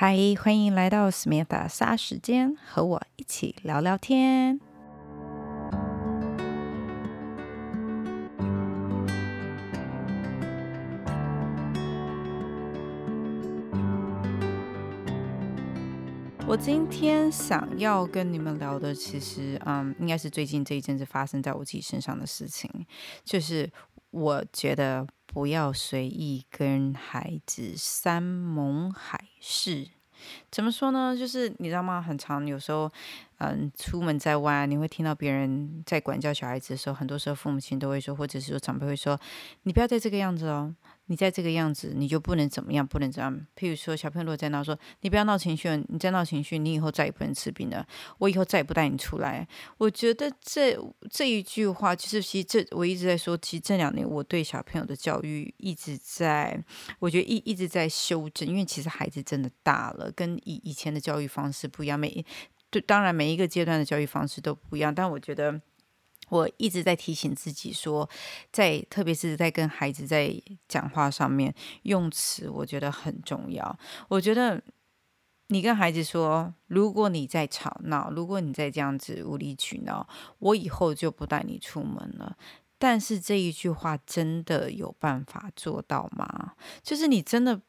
嗨，Hi, 歡迎來到 Smitha 沙發時間，和我一起聊聊天。我今天想要跟你們聊的，其實，嗯，應該是最近這一陣子發生在我自己身上的事情，就是我覺得。不要隨意跟孩子山盟海誓，怎麼說呢？就是你知道嗎？很常有時候。嗯，出門在外啊，你會聽到別人在管教小孩子的時候，很多時候父母親都會說，或者是說長輩會說：“你不要再這個樣子哦，你再這個樣子，你就不能怎麼樣，不能怎樣。”譬如說，小朋友如果在鬧，說：“你不要鬧情緒，你再鬧情緒，你以後再也不能吃冰了，我以後再也不帶你出來。”我覺得這這一句話，就是其實這我一直在說，其實這兩年我對小朋友的教育一直在，我覺得一一直在修正，因為其實孩子真的大了，跟以以前的教育方式不一樣，每。當然每一個階段的教育方式都不一樣，但我覺得我一直在提醒自己說，在特別是在跟孩子在講話上面用詞，我覺得很重要。我覺得你跟孩子說，如果你再吵鬧，如果你再這樣子無理取鬧，我以後就不帶你出門了。但是這一句話真的有辦法做到嗎？就是你真的。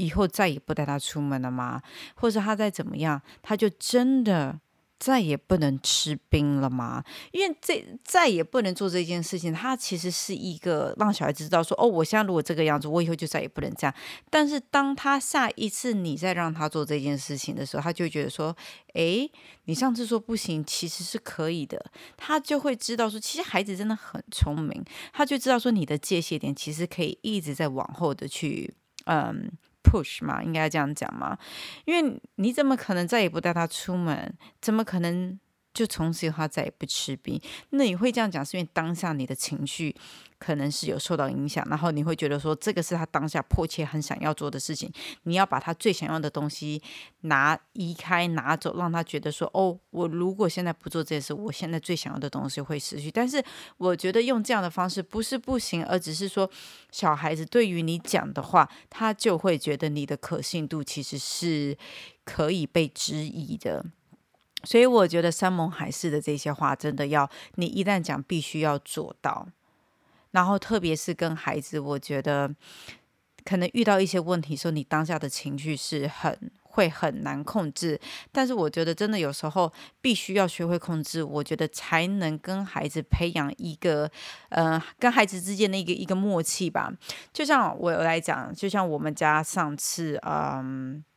以後再也不帶他出門了嗎？或者他再怎麼樣，他就真的再也不能吃冰了嗎？因為這再也不能做這件事情。他其實是一個讓小孩子知道說：“哦，我現在如果這個樣子，我以後就再也不能這樣。”但是當他下一次你再讓他做這件事情的時候，他就覺得說：“誒，你上次說不行，其實是可以的。”他就會知道說，其實孩子真的很聰明，他就知道說，你的界限點其實可以一直在往後的去，嗯。push 嘛，應該這樣講嘛，因為你怎麼可能再也不帶他出門？怎麼可能？就從此以後他再也不吃冰。那你會這樣講，是因為當下你的情緒可能是有受到影響，然後你會覺得說，這個是他當下迫切很想要做的事情。你要把他最想要的東西拿移開、拿走，讓他覺得說，哦，我如果現在不做這件事，我現在最想要的東西會失去。但是我覺得用這樣的方式不是不行，而只是說，小孩子對於你講的話，他就會覺得你的可信度其實是可以被質疑的。所以我覺得山盟海誓的這些話，真的要你一旦講，必須要做到。然後，特別是跟孩子，我覺得可能遇到一些問題說你當下的情緒是很會很難控制。但是，我覺得真的有時候必須要學會控制，我覺得才能跟孩子培養一個嗯、呃，跟孩子之間的一個一個默契吧。就像我來講，就像我們家上次，嗯、呃。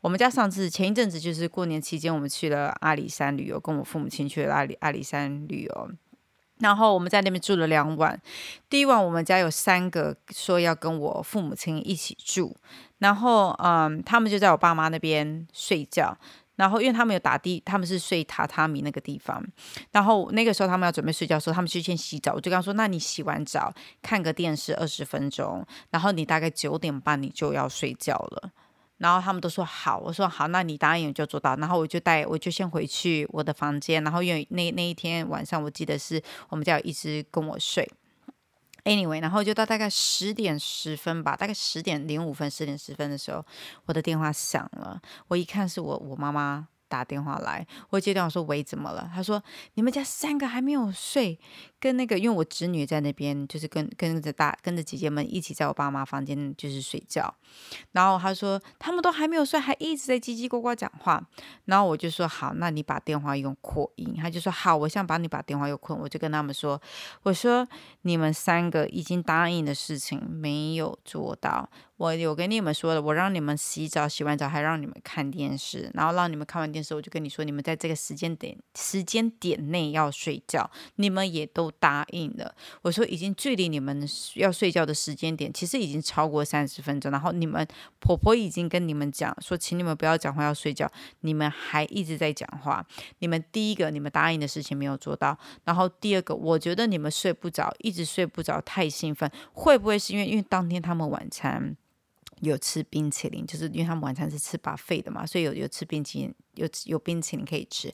我們家上次前一陣子就是過年期間，我們去了阿里山旅遊，跟我父母親去了阿里阿里山旅遊。然後我們在那邊住了兩晚，第一晚我們家有三個說要跟我父母親一起住，然後嗯，他們就在我爸媽那邊睡覺。然後因為他們有打地，他們是睡榻榻米那個地方。然後那個時候他們要準備睡覺的時候，他們就先洗澡。我就跟他說：“那你洗完澡看個電視二十分鐘，然後你大概九點半你就要睡覺了。”然後他們都說好，我說好，那你答應我就做到。然後我就帶，我就先回去我的房間。然後因為那那一天晚上，我記得是我們家有一直跟我睡。Anyway，然後就到大概十點十分吧，大概十點零五分、十點十分的時候，我的電話響了。我一看是我，我媽媽。打電話來，我接電話說喂，怎麼了？他說你們家三個還沒有睡，跟那個，因為我侄女在那邊，就是跟跟着大跟着姐姐們一起在我爸媽房間就是睡覺。然後他說他們都還沒有睡，還一直在嘰嘰呱呱講話。然後我就說好，那你把電話用擴音。他就說好，我想把你把電話用擴音。」我就跟他們說，我說你們三個已經答應的事情沒有做到。我有跟你、你們說了，我讓你們洗澡，洗完澡還讓你們看電視，然後讓你們看完電視，我就跟你說，你們在這個時間點時間點內要睡覺，你們也都答應了。我說已經距離你們要睡覺的時間點，其實已經超過三十分鐘。然後你們婆婆已經跟你們講說，請你們不要講話，要睡覺。你們還一直在講話。你們第一個，你們答應的事情沒有做到。然後第二個，我覺得你們睡不着，一直睡不着，太興奮，會不會是因為因為當天他們晚餐？有吃冰淇淋，就是因為他們晚餐是吃 buffet 的嘛，所以有有吃冰淇淋，有有冰淇淋可以吃。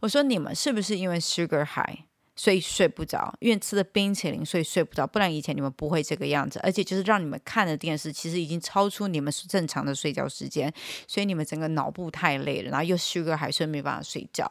我說你們是不是因為 sugar high？所以睡不着，因為吃了冰淇淋，所以睡不着。不然以前你們不會這個樣子。而且就是讓你們看的電視，其實已經超出你們正常的睡覺時間，所以你們整個腦部太累了，然後又 sugar 還睡沒辦法睡覺。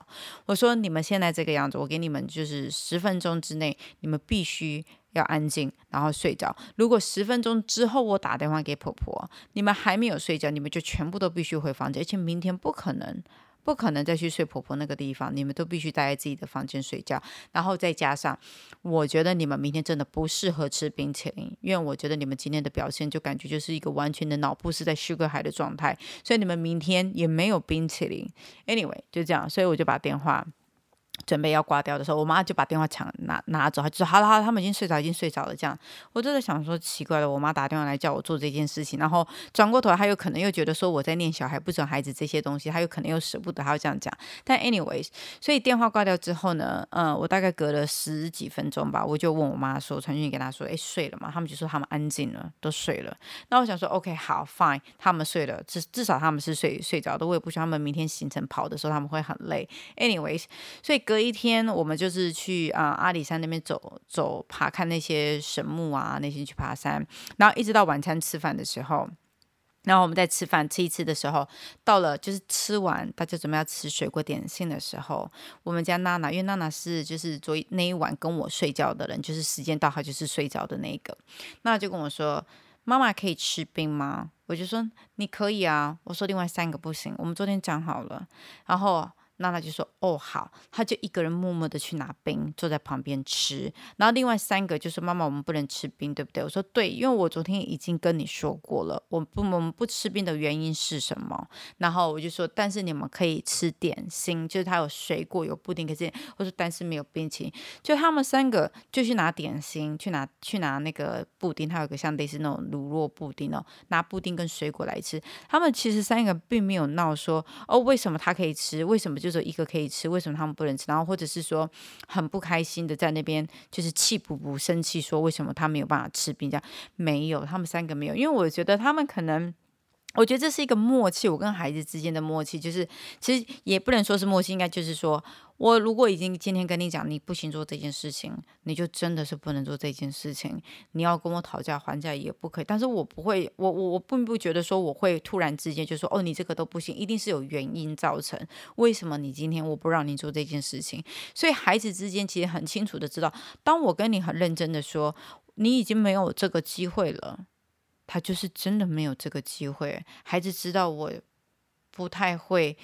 我說你們現在這個樣子，我給你們就是十分鐘之內，你們必須要安靜，然後睡着。如果十分鐘之後我打電話給婆婆，你們還沒有睡覺，你們就全部都必須回房間，而且明天不可能。不可能再去睡婆婆那個地方，你們都必須待在自己的房間睡覺。然後再加上，我覺得你們明天真的不適合吃冰淇淋，因為我覺得你們今天的表現就感覺就是一個完全的腦部是在 Sugar High 的狀態，所以你們明天也沒有冰淇淋。Anyway，就這樣，所以我就把電話。準備要掛掉的時候，我媽就把電話搶拿拿走，她就說：“好了好了，他們已經睡着，已經睡着了。”這樣，我真的想說奇怪了，我媽打電話來叫我做這件事情，然後轉過頭，她有可能又覺得說我在念小孩、不准孩子這些東西，她有可能又捨不得，她要這樣講。但 anyways，所以電話掛掉之後呢，嗯，我大概隔了十幾分鐘吧，我就問我媽說：“傳訊給她說，誒，睡了嗎？”他們就說：“他們安靜了，都睡了。”那我想說：“OK，好，Fine，他們睡了，至至少他們是睡睡着的。我也不希望他們明天行程跑的時候他們會很累。”anyways，所以。隔一天，我們就是去啊、呃、阿里山那邊走走爬，看那些神木啊那些去爬山，然後一直到晚餐吃飯的時候，然後我們在吃飯吃一吃的時候，到了就是吃完大家準備要吃水果點心的時候，我們家娜娜因為娜娜是就是昨一那一晚跟我睡覺的人，就是時間到她就是睡着的那一個，娜就跟我說：“媽媽可以吃冰嗎？”我就說：“你可以啊。”我說：“另外三個不行。”我們昨天講好了，然後。娜娜就說：“哦，好。”他就一個人默默的去拿冰，坐在旁邊吃。然後另外三個就說：“媽媽，我們不能吃冰，對不對？”我說：“對，因為我昨天已經跟你說過了，我不，我們不吃冰的原因是什麼？”然後我就說：“但是你們可以吃點心，就是它有水果有布丁。可是我說，但是沒有冰淇淋。”就他們三個就去拿點心，去拿去拿那個布丁，它有個像類似那種乳酪布丁哦，拿布丁跟水果來吃。他們其實三個並沒有鬧說：“哦，為什麼他可以吃？為什麼就是？”說一個可以吃，為什麼他們不能吃？然後或者是說很不開心的在那邊就是氣鼓鼓，生氣說為什麼他沒有辦法吃這樣？人家沒有，他們三個沒有，因為我覺得他們可能。我覺得這是一個默契，我跟孩子之間的默契，就是其實也不能說是默契，應該就是說，我如果已經今天跟你講，你不行做這件事情，你就真的是不能做這件事情，你要跟我討價還價也不可以。但是我不會，我我我並不覺得說我會突然之間就說，哦，你這個都不行，一定是有原因造成，為什麼你今天我不讓你做這件事情。所以孩子之間其實很清楚的知道，當我跟你很認真的說，你已經沒有這個機會了。他就是真的沒有這個機會。孩子知道我不太會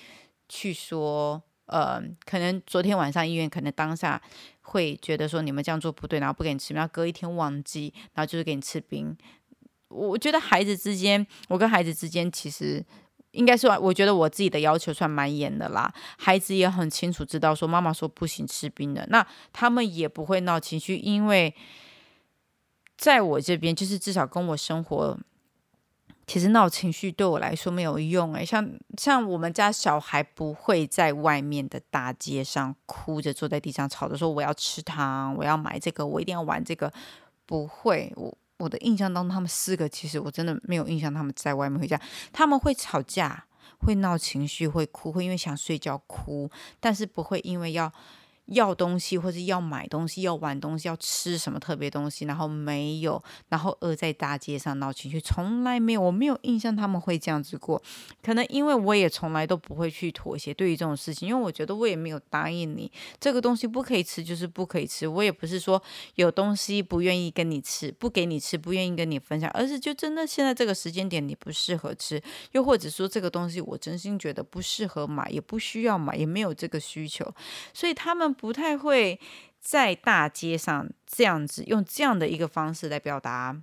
去說，嗯、呃，可能昨天晚上醫院，可能當下會覺得說你們這樣做不對，然後不給你吃，然後隔一天忘記，然後就是給你吃冰。我覺得孩子之間，我跟孩子之間，其實應該是我覺得我自己的要求算蠻嚴的啦。孩子也很清楚知道說媽媽說不行吃冰的，那他們也不會鬧情緒，因為。在我這邊，就是至少跟我生活，其實鬧情緒對我來說沒有用誒、欸，像像我們家小孩不會在外面的大街上哭着坐在地上吵着說我要吃糖，我要買這個，我一定要玩這個，不會。我我的印象當中，他們四個其實我真的沒有印象他們在外面會這樣。他們會吵架，會鬧情緒，會哭，會因為想睡覺哭，但是不會因為要。要東西或者是要買東西，要玩東西，要吃什麼特別東西，然後沒有，然後餓在大街上鬧情緒，從來沒有，我沒有印象他們會這樣子過。可能因為我也從來都不會去妥協對於這種事情，因為我覺得我也沒有答應你，這個東西不可以吃就是不可以吃，我也不是說有東西不願意跟你吃，不給你吃，不願意跟你分享，而是就真的現在這個時間點你不適合吃，又或者說這個東西我真心覺得不適合買，也不需要買，也沒有這個需求，所以他們不太會在大街上這樣子用這樣的一個方式來表達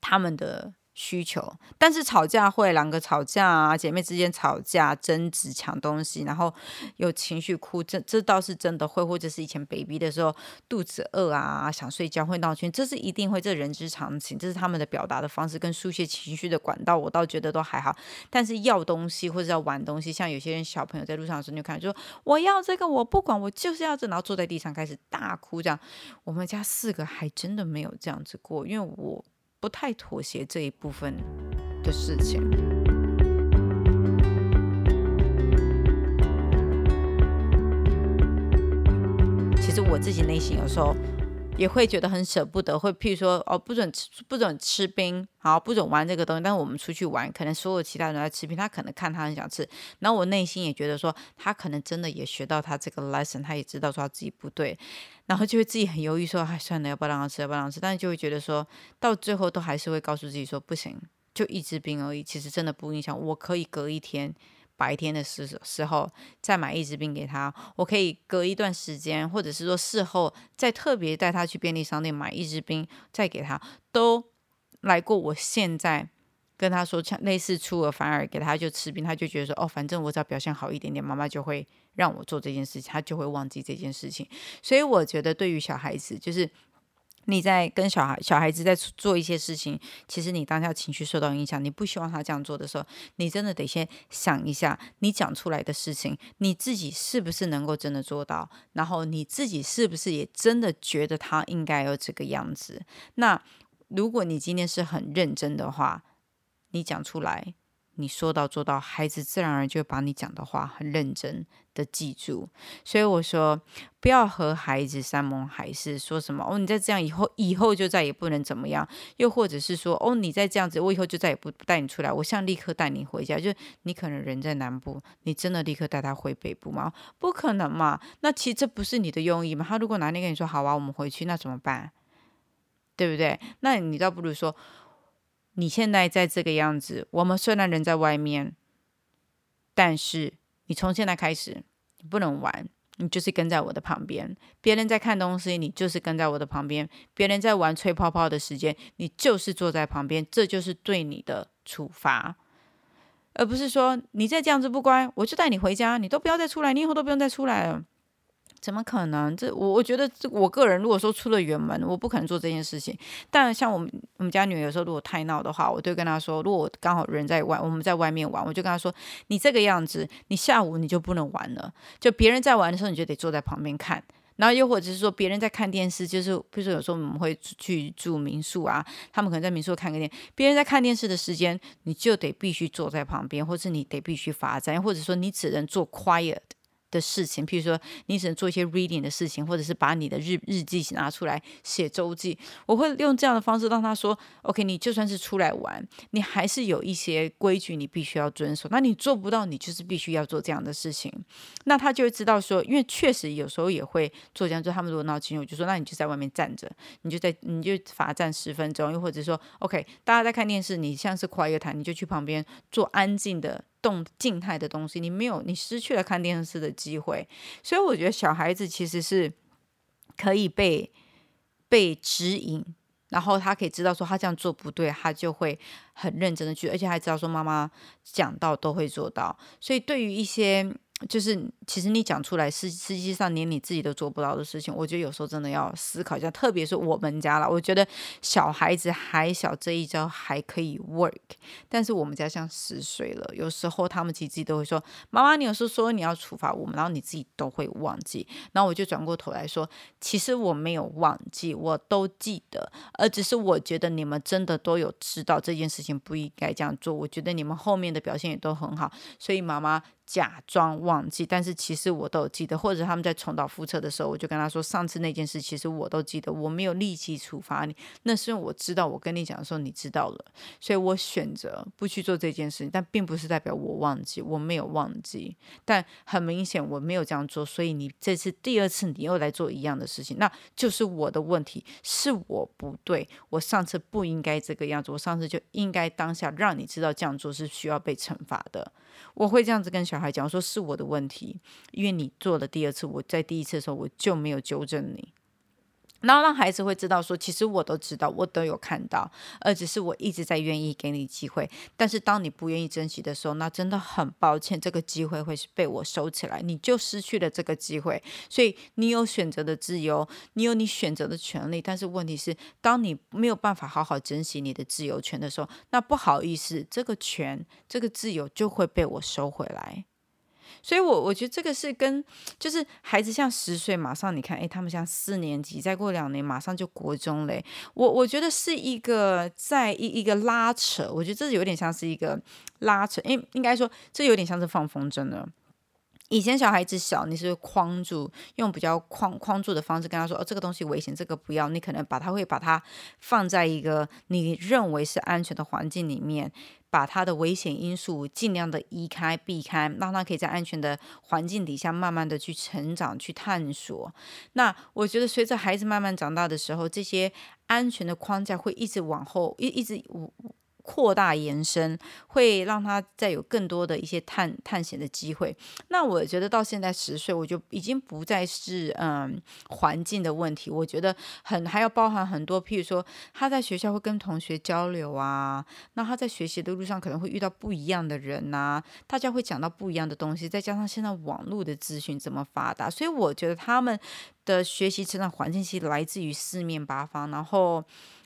他們的。需求，但是吵架會，兩個吵架啊，姐妹之間吵架、爭執、搶東西，然後有情緒哭，這這倒是真的會，或者是以前 baby 的時候肚子餓啊，想睡覺會鬧圈，這是一定會，這人之常情，這是他們的表達的方式跟抒洩情緒的管道，我倒覺得都還好。但是要東西或者要玩東西，像有些人小朋友在路上的時候就看，就說我要這個，我不管，我就是要這個，然後坐在地上開始大哭，這樣我們家四個還真的沒有這樣子過，因為我。不太妥協這一部分的事情。其實我自己內心有時候。也會覺得很捨不得，會譬如說哦，不准吃，不准吃冰，好，不准玩這個東西。但是我們出去玩，可能所有其他人在吃冰，他可能看他很想吃，然後我內心也覺得說，他可能真的也學到他這個 lesson，他也知道說他自己不對，然後就會自己很猶豫說，還、哎、算了，要不要讓他吃，要不要讓他吃，但是就會覺得說到最後都還是會告訴自己說，不行，就一支冰而已，其實真的不影響，我可以隔一天。白天的時時候再買一支冰給他，我可以隔一段時間，或者是說事後再特別帶他去便利商店買一支冰再給他，都來過。我現在跟他說，像類似出爾反爾，給他就吃冰，他就覺得說哦，反正我只要表現好一點點，媽媽就會讓我做這件事情，他就會忘記這件事情。所以我覺得對於小孩子就是。你在跟小孩、小孩子，在做一些事情，其實你當下情緒受到影響，你不希望他這樣做的時候，你真的得先想一下，你講出來的事情，你自己是不是能夠真的做到？然後你自己是不是也真的覺得他應該要這個樣子？那如果你今天是很認真的話，你講出來，你說到做到，孩子自然而然就把你講的話很認真的記住，所以我說不要和孩子山盟海誓，說什麼哦，你再這樣以後，以後就再也不能怎麼樣，又或者是說哦，你再這樣子，我以後就再也不帶你出來，我想立刻帶你回家，就你可能人在南部，你真的立刻帶他回北部嗎？不可能嘛，那其實這不是你的用意嘛。他如果哪天跟你說好啊，我們回去，那怎麼辦？對不對？那你倒不如說你現在在這個樣子，我們雖然人在外面，但是。你從現在開始你不能玩，你就是跟在我的旁邊。別人在看東西，你就是跟在我的旁邊；別人在玩吹泡泡的時間，你就是坐在旁邊。這就是對你的處罰，而不是說你再這樣子不乖，我就帶你回家。你都不要再出來，你以後都不用再出來了。怎麼可能？這我我覺得，這我個人如果說出了遠門，我不可能做這件事情。但像我們我們家女兒有時候如果太鬧的話，我就跟她說，如果剛好人在外，我們在外面玩，我就跟她說，你這個樣子，你下午你就不能玩了。就別人在玩的時候，你就得坐在旁邊看。然後又或者是說，別人在看電視，就是比如說有時候我們會去住民宿啊，他們可能在民宿看個電，別人在看電視的時間，你就得必須坐在旁邊，或是你得必須罰站，或者說你只能坐 quiet。的事情，譬如說，你只能做一些 reading 的事情，或者是把你的日日記拿出來寫週記。我會用這樣的方式讓他說：“OK，你就算是出來玩，你還是有一些規矩你必須要遵守。那你做不到，你就是必須要做這樣的事情。那他就會知道說，因為確實有時候也會做這樣。就他們如果鬧情緒，我就說，那你就在外面站着，你就在，你就罰站十分鐘，又或者說，OK，大家在看電視，你像是跨一個台，你就去旁邊坐安靜的。”動靜態的東西，你沒有，你失去了看電視的機會，所以我覺得小孩子其實是可以被被指引，然後他可以知道說他這樣做不對，他就會很認真的去，而且還知道說媽媽講到都會做到，所以對於一些。就是，其實你講出來是實際上連你自己都做不到的事情，我覺得有時候真的要思考一下，特別是我們家了。我覺得小孩子還小，這一招還可以 work，但是我們家像十歲了，有時候他們其實自己都會說：“媽媽，你有時候說你要處罰我們，然後你自己都會忘記。”然後我就轉過頭來說：“其實我沒有忘記，我都記得，而只是我覺得你們真的都有知道這件事情不應該這樣做。我覺得你們後面的表現也都很好，所以媽媽。”假裝忘記，但是其實我都記得。或者他們在重蹈覆轍的時候，我就跟他說：“上次那件事，其實我都記得。我沒有立即處罰你，那是因為我知道，我跟你講的時候你知道了，所以我選擇不去做這件事情。但並不是代表我忘記，我沒有忘記。但很明顯我沒有這樣做，所以你這次第二次你又來做一樣的事情，那就是我的問題，是我不對。我上次不應該這個樣子，我上次就應該當下讓你知道這樣做是需要被懲罰的。”我會這樣子跟小孩講，我說是我的問題，因為你做了第二次，我在第一次的時候我就沒有糾正你。然後讓孩子會知道說，說其實我都知道，我都有看到，而只是我一直在願意給你機會。但是當你不願意珍惜的時候，那真的很抱歉，這個機會會是被我收起來，你就失去了這個機會。所以你有選擇的自由，你有你選擇的權利。但是問題是，當你沒有辦法好好珍惜你的自由權的時候，那不好意思，這個權，這個自由就會被我收回來。所以我，我我覺得這個是跟，就是孩子像十歲，馬上你看，哎、欸，他們像四年級，再過兩年馬上就國中嘞、欸。我我覺得是一個在一一個拉扯，我覺得這有點像是一個拉扯，哎、欸，應該說，這有點像是放風箏了。以前小孩子小，你是框住，用比較框框住的方式跟他說：“哦，這個東西危險，這個不要。”你可能把他會把他放在一個你認為是安全的環境裡面，把他的危險因素儘量的移開、避開，讓他可以在安全的環境底下慢慢的去成長、去探索。那我覺得，隨着孩子慢慢長大的時候，這些安全的框架會一直往後，一、一直。擴大延伸，會讓他再有更多的一些探探險的機會。那我覺得到現在十歲，我就已經不再是嗯環境的問題，我覺得很還要包含很多，譬如說他在學校會跟同學交流啊，那他在學習的路上可能會遇到不一樣的人吶啊，大家會講到不一樣的東西，再加上現在網絡的資訊這麼發達，所以我覺得他們的學習成長環境其實來自於四面八方，然後。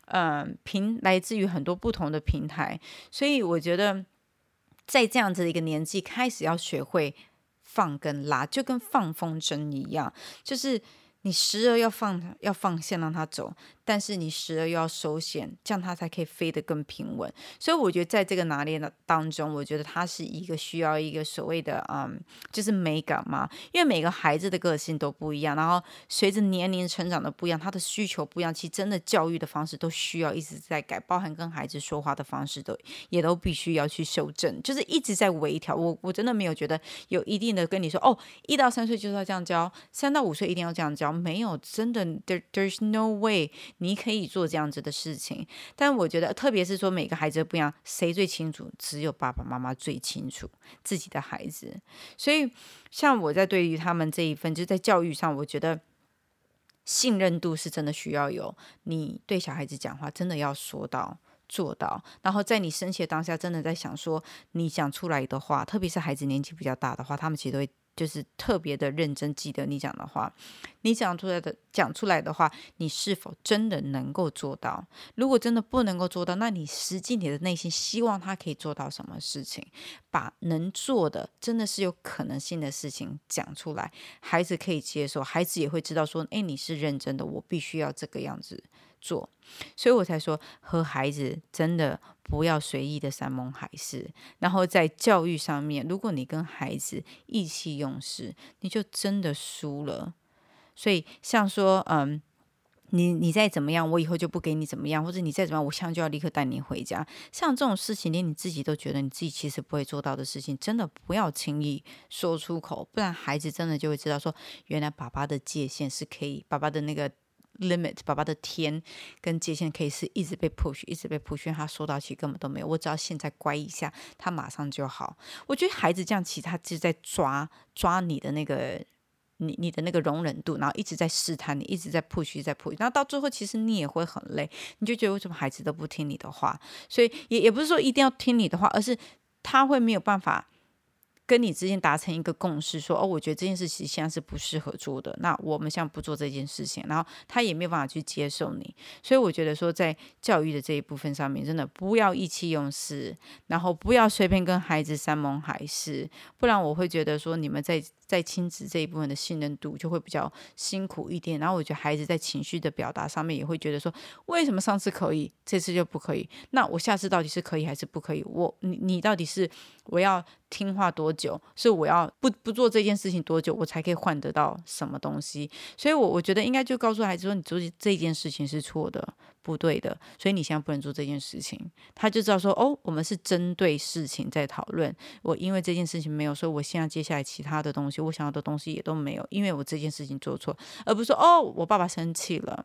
嗯、呃，平來自於很多不同的平台，所以我覺得，在這樣子的一個年紀開始要學會放跟拉，就跟放風箏一樣，就是你時而要放，要放線讓他走。但是你時而又要收線，這樣它才可以飛得更平穩。所以我覺得在這個拿捏的當中，我覺得它是一個需要一個所謂的嗯，就是美感嘛。因為每個孩子的個性都不一樣，然後隨着年齡成長的不一樣，他的需求不一樣。其實真的教育的方式都需要一直在改，包含跟孩子說話的方式都也都必須要去修正，就是一直在微調。我我真的沒有覺得有一定的跟你說哦，一到三歲就是要這樣教，三到五歲一定要這樣教，沒有真的，there there's no way。你可以做這樣子的事情，但我覺得，特別是說每個孩子都不一樣，誰最清楚？只有爸爸媽媽最清楚自己的孩子。所以，像我在對於他們這一份，就是在教育上，我覺得信任度是真的需要有。你對小孩子講話，真的要說到做到，然後在你生氣的當下，真的在想說你講出來的話，特別是孩子年紀比較大的話，他們其實都會。就是特別的認真，記得你講的話，你講出來的講出來的話，你是否真的能夠做到？如果真的不能夠做到，那你實際你的內心希望他可以做到什麼事情？把能做的，真的是有可能性的事情講出來，孩子可以接受，孩子也會知道說，哎、欸，你是認真的，我必須要這個樣子。做，所以我才說和孩子真的不要隨意的山盟海誓。然後在教育上面，如果你跟孩子意氣用事，你就真的輸了。所以像說，嗯，你你再怎麼樣，我以後就不給你怎麼樣，或者你再怎麼樣，我現在就要立刻帶你回家。像這種事情，連你自己都覺得你自己其實不會做到的事情，真的不要輕易說出口，不然孩子真的就會知道說，原來爸爸的界限是可以，爸爸的那個。limit 因為爸爸的天跟界限可以是一直被 push 一直被 push。他說到其實根本都沒有，我只要現在乖一下，他馬上就好。我覺得孩子這樣其實他就在抓抓你的那個你你的那個容忍度，然後一直在試探你，一直在 push 在 push，那到最後其實你也會很累，你就覺得為什麼孩子都不聽你的話？所以也也不是說一定要聽你的話，而是他會沒有辦法。跟你之間達成一個共識說，說哦，我覺得這件事情現在是不適合做的，那我們現在不做這件事情。然後他也沒有辦法去接受你，所以我覺得說，在教育的這一部分上面，真的不要意氣用事，然後不要隨便跟孩子山盟海誓，不然我會覺得說你們在。在親子這一部分的信任度就會比較辛苦一點，然後我覺得孩子在情緒的表達上面也會覺得說，為什麼上次可以，這次就不可以？那我下次到底是可以還是不可以？我你你到底是我要聽話多久？是我要不不做這件事情多久，我才可以換得到什麼東西？所以我我覺得應該就告訴孩子說，你做這件事情是錯的。不對的，所以你現在不能做這件事情。他就知道說，哦，我們是針對事情在討論。我因為這件事情沒有說，我現在接下來其他的東西，我想要的東西也都沒有，因為我這件事情做錯。而不是說，哦，我爸爸生氣了，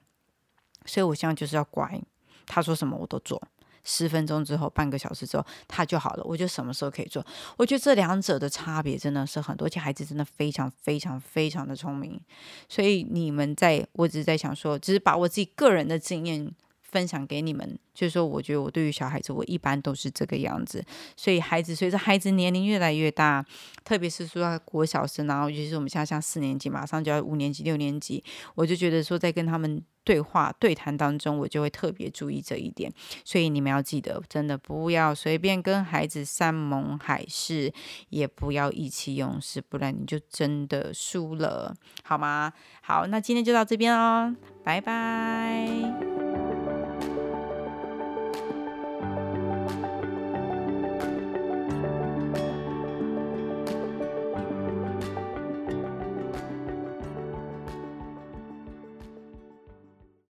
所以我現在就是要乖。他說什麼我都做。十分鐘之後，半個小時之後，他就好了。我就什麼時候可以做？我覺得這兩者的差別真的是很多。而且孩子真的非常非常非常的聰明。所以你們在，我只是在想說，只是把我自己個人的經驗。分享給你們，就是說，我覺得我對於小孩子，我一般都是這個樣子。所以孩子隨着孩子年齡越來越大，特別是說到國小生，然後尤其是我們現在像四年級，馬上就要五年級、六年級，我就覺得說，在跟他們對話、對談當中，我就會特別注意這一點。所以你們要記得，真的不要隨便跟孩子山盟海誓，也不要意氣用事，不然你就真的輸了，好嗎？好，那今天就到這邊哦，拜拜。